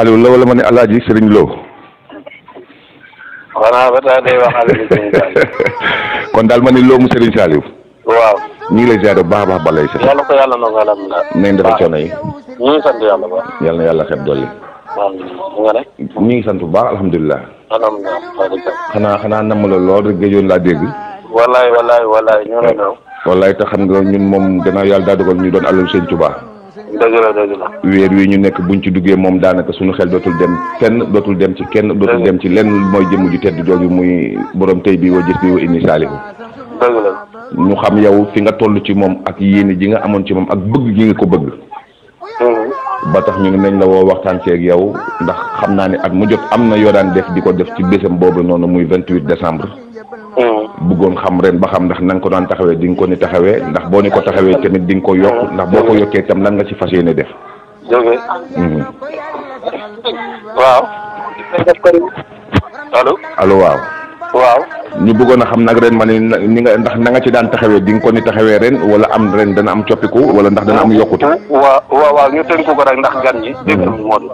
Saliou Lo wala ma ne Alaaji Sëriñ Sëriñ Saliou. kon daal ma ne Lo mu Sëriñ Saliou. waaw. ñu ngi lay ziare bu baax a baax balay sax. yàlla ko yàlla nangu yi. ñu ngi sant yàlla ba. yàlla na dolli. waaw sant bu baax alhamdulilah. alhamdulilah. xanaa xanaa namm la lool rek gëjoon laa dégg. wallaay wallaay wallaay ñoo la daw. Eh, wallaay te xam nga ñun moom gannaaw yàlla daa dogal ñu doon alal sëñ Tuubaa dëgg la dëgg weer wi ñu nekk buñ ci duggee moom daanaka suñu xel dootul dem kenn dootul dem ci kenn dootul dem ci lenn mooy jëmm ju tedd jooju muy borom tey bii wa gis bi wa indi saalihu dëgg ñu xam yow fi nga toll ci moom ak yéene ji nga amoon ci moom ak bëgg ji nga ko bëgg. ba tax ñu ngi nañ la woo waxtaan ci ak yow ndax xam naa ne ak mu jot am na yoo daan def di ko def ci bésam boobu noonu muy vingt 28 decembre bëggoon xam ren ba xam ndax na nga ko daan taxawee di nga ko ni taxawee ndax boo ni ko taxawee tamit di nga ko yokk ndax boo ko yokkee tam lan nga ci fas yéene def. jóge. Mhm. waaw. allo. allo waaw. ñu bëggoon a xam nag ren ma ni ni nga ndax na nga ci daan taxawee di nga ko ni taxawee ren wala am ren dana am coppiku wala ndax dana am yokkute. waaw waaw waaw ñu ko rek ndax gan ñi. dégg nga moom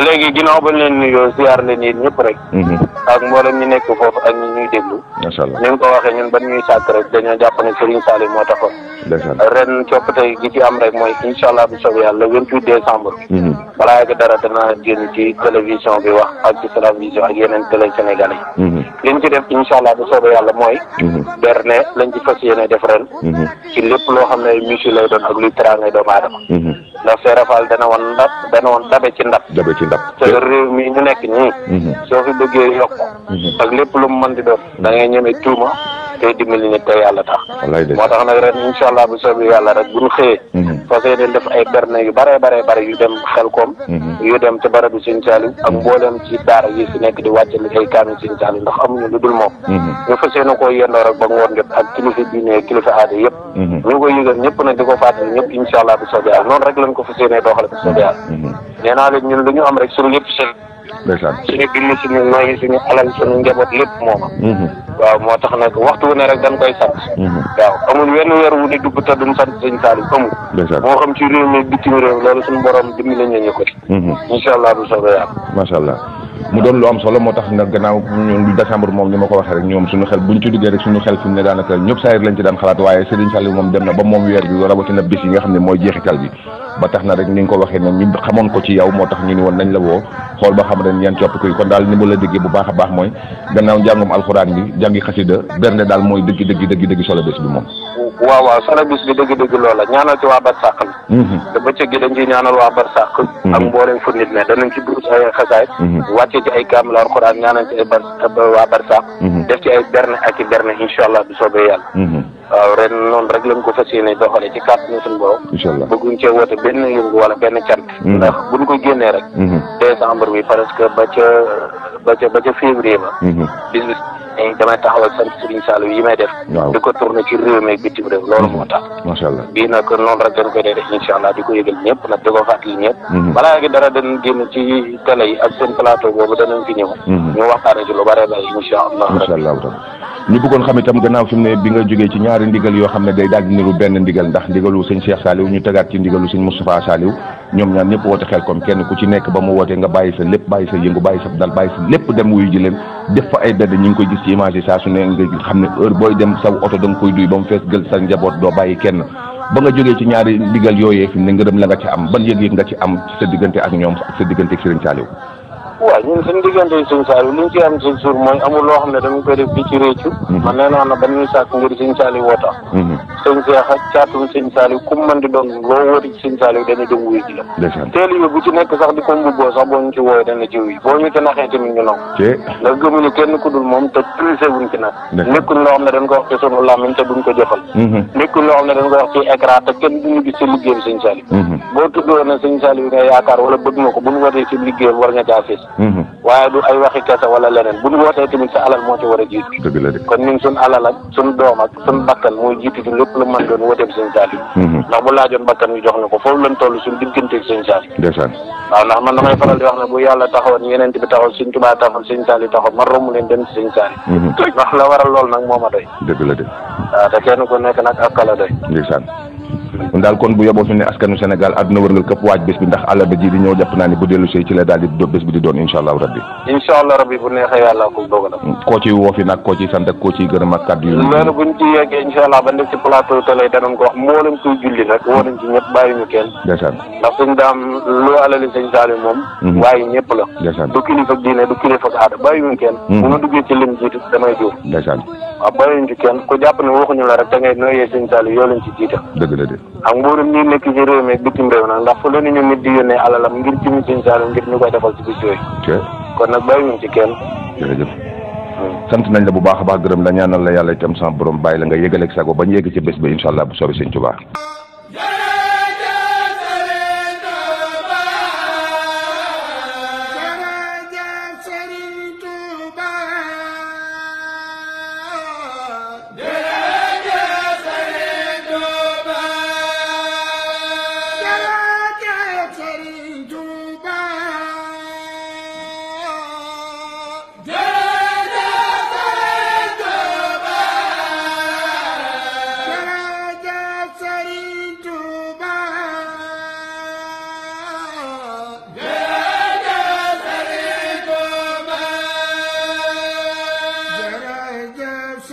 léegi ginnaaw ba leen nuyoo ziar leen yéen ñëpp rek. Mhm. ak mboolem ñi nekk foofu ak ñi ñuy déglu. macha allah ni nga ko waxee ñun ban ñuy sàkk rek dañoo jàpp ne Serigne Saliou moo taxoon. ren coppite gi ci am rek mooy incha allah bu soobee yàlla le vingt huit décembre. Mhm. balaa yàgg dara dana génn ci télévision bi wax ak ci télévision ak yeneen télé sénégalais. Mhm. liñ ci bu soobee yàlla mooy. Mhm. berne lañ ci fas yéene def ren. Mhm. ci lépp loo xam ne musée lay doon ak luy teraangay doomu aadama. Mhm. ndax Seera Fall dana won ndab dana woon dabe ci ndab. dabe ci ndab te réew mi ñu nekk nii. soo fi bëggee ak lépp lu mu mën di doon da ngay ñeme tey dimbali nit te yàlla tax moo tax nag ren incha allah bu soobee yàlla rek bu ñu xëyee mhm. fas yéene def ay berne yu bare bare bare yu dem xelkoom mhm. yu dem ci barabu Sëñ Saaliw ak mhm. mbooleem ci daara yi fi nekk di wàccali ay kaamil Sëñ Saaliw ndax amuñu lu dul moom ñu fas yéene koo yendoo rek ba ngoon jot ak kilifa yëpp ñu koy yëgal ñëpp nag di ko fàttali ñëpp incha allah bu soobee yàlla noonu rek lañ ko fas yéene doxale bu soobee yàlla nee naa leen ñun lu ñu am rek suñu lépp seen suñu bind suñu nooyi suñu alal suñu njaboot lépp mooma waaw moo tax nag waxtu wu ne rek dañ koy sant. Mhm. waaw amul wenn weer wu ne dugg te duñ sant sëñ Saliou amul. moo xam ci réew mi bitim réew loolu suñu borom dimbali nañu ko ci. Mhm. incha allah du soobee macha allah. mu doon lu am solo moo tax nag gannaaw ñun décembre moom ni ma ko waxee rek ñoom suñu xel buñ ci duggee rek suñu xel fi mu ne daanaka ñëpp saa yir lañ ci daan xalaat waaye Serigne Saliou moom dem na ba moom weer bi rawatina bis yi nga xam ne mooy jeexital bi ba tax na rek ni nga ko waxee noonu ñu xamoon ko ci yow moo tax ñu ni woon nañ la woo xool ba xam ren yan coppiku yi kon daal ni ma la déggee bu baax a baax mooy gannaaw njàngum alxuraan daal mooy dëgg dëgg dëgg dëgg solo waaw waaw solo bis bi dëgg-dëgg loola ñaanal ci waa barsàq la mhm. te bëccëg gi dañ ciy ñaanal waa barsàq mhm. ak mbooleem fu nit ne danañ ci duus ay xasaay mhm. wàcce ci ay kaamil alxuraan ñaanal ci ay bar waa barsàq def ci ay berne ak i berne incha allah soobee yàlla waaw noonu rek lañ ko fas yéene doxale ci kàttanu suñu borom incha allah bëgguñ cee woote benn yëngu wala benn cant ndax buñ ko génnee rek décembre bi parce que ba ca ba ca ba ba dañ damay taxawal sant Serigne Saliou yi may def. waaw di ko tourné ci réew mi ak bitim réew loolu mhm. moo tax. macha allah bii nag noonu rek dañ koy def incha allah di ko yëgal ñëpp di ko fàttali ñëpp. Mhm. balaa gi dara dañ génn ci télé yi ak seen plateau boobu danañ fi ñëw. Mhm. ñu waxtaanee ci lu bare bare ñu bëggoon xam itam gannaaw fi mu ne bi nga jógee ci ñaari ndigal yoo xam ne day daal di niru benn ndigal ndax ndigalu sëñ Cheikh Saliou ñu tegaat ci ndigalu sëñ Moustapha Saliou ñoom ñaan ñëpp woote xel comme kenn ku ci nekk ba mu wootee nga bàyyi sa lépp bàyyi sa yëngu bàyyi sa dal bàyyi sa lépp dem wuyu leen def fa ay bedd ñu ngi koy gis ci image yi saa ne nga xam ne heure booy dem sa oto da koy duy ba mu fees gël sa njaboot doo bàyyi kenn ba nga jógee ci ñaari ndigal yooyee fi mu ne ngërëm la nga ci am ban yëg-yëg nga ci am sa diggante ak ñoom ak sa diggante ak Serigne Saliou waa ñun suñu diggante yi suñu saal yi lu ñu ci am suñu suur yi woo tax mhm. suñu yi ku mu mën di doon loo wóoti ci suñu saal yi dañuy dem wuyu la teel yi ci nekk sax di ko mbubboo sax boo ñu ci wooyee dana ci wuyu boo ñu ci naxee tamit ñu nangu ndax gëmuñu kenn ku moom te prise wuñ ci nag nekkuñ loo xam ne dañ wax ci sunu làmmiñ te duñ ko jëfal mhm. nekkuñ loo xam ne dañ wax ci écran kenn duñu gis ci liggéeyam suñu saal yi mhm. boo tuddoo ne yi nga yaakaar Mhm. waaye du ay waxi kese wala leneen bu ñu wootee tamit sa alal moo ci war a jiitu. dëgg la de kon ñun suñ alal ak suñ doom ak suñ bakkan mooy jiitu ci lépp lu mën doon wooteeg sëñ Saliou. Mhm. ndax bu laajoon bakkan wi jox na ko foofu lañ toll suñ digganteeg sëñ Saliou. ndeysaan waaw ndax man damay faral di wax ne bu yàlla taxawoon yeneen bi taxaw sëñ Tuubaa taxaw sëñ Saliou taxaw man romb leen dem si sëñ Saliou. Mhm. ndax la waral lool nag moo ma doy. dëgg la de. waaw te kenn ku nekk nag daal kon bu yoboo fi ne askanu Sénégal àdduna wërngal këpp waaj bés bi ndax àllarba ji di ñëw jàpp naa ni bu dellu see ci la daal di do bés bi di doon incha allahu rabbi incha allah rabbi bu neexee yàlla ko dogal mm, koo ciy woo fi nag koo ciy sant ak koo ciy gërëm ak kàddu yu loolu buñ ci yeggee incha allah ba nekk ci plateau télé danañ ko wax mboolem kuy julli nag woo nañ ci ñëpp bàyyi ñu kenn ndeysaan ndax suñ daam lu alali sëñ mm-hmm. ñu kenn mm-hmm. bu ma ak mbuurum ñi nekk ci réew mi bitim réew nag ndax fu la ni ñu nit di yónnee alalam ngir jëmi sëñ Saalum ngir ñu koy defal ci bis yooyu kon nag bàyyi ñu ci kenn jërëjëf hmm. sant nañ la bu baax a baax gërëm la ñaanal la yàlla itam sama borom bàyyi la nga yëgaleeg sago bañ yegg ci bés ba incha allah bu soobee sëñ Tuubaa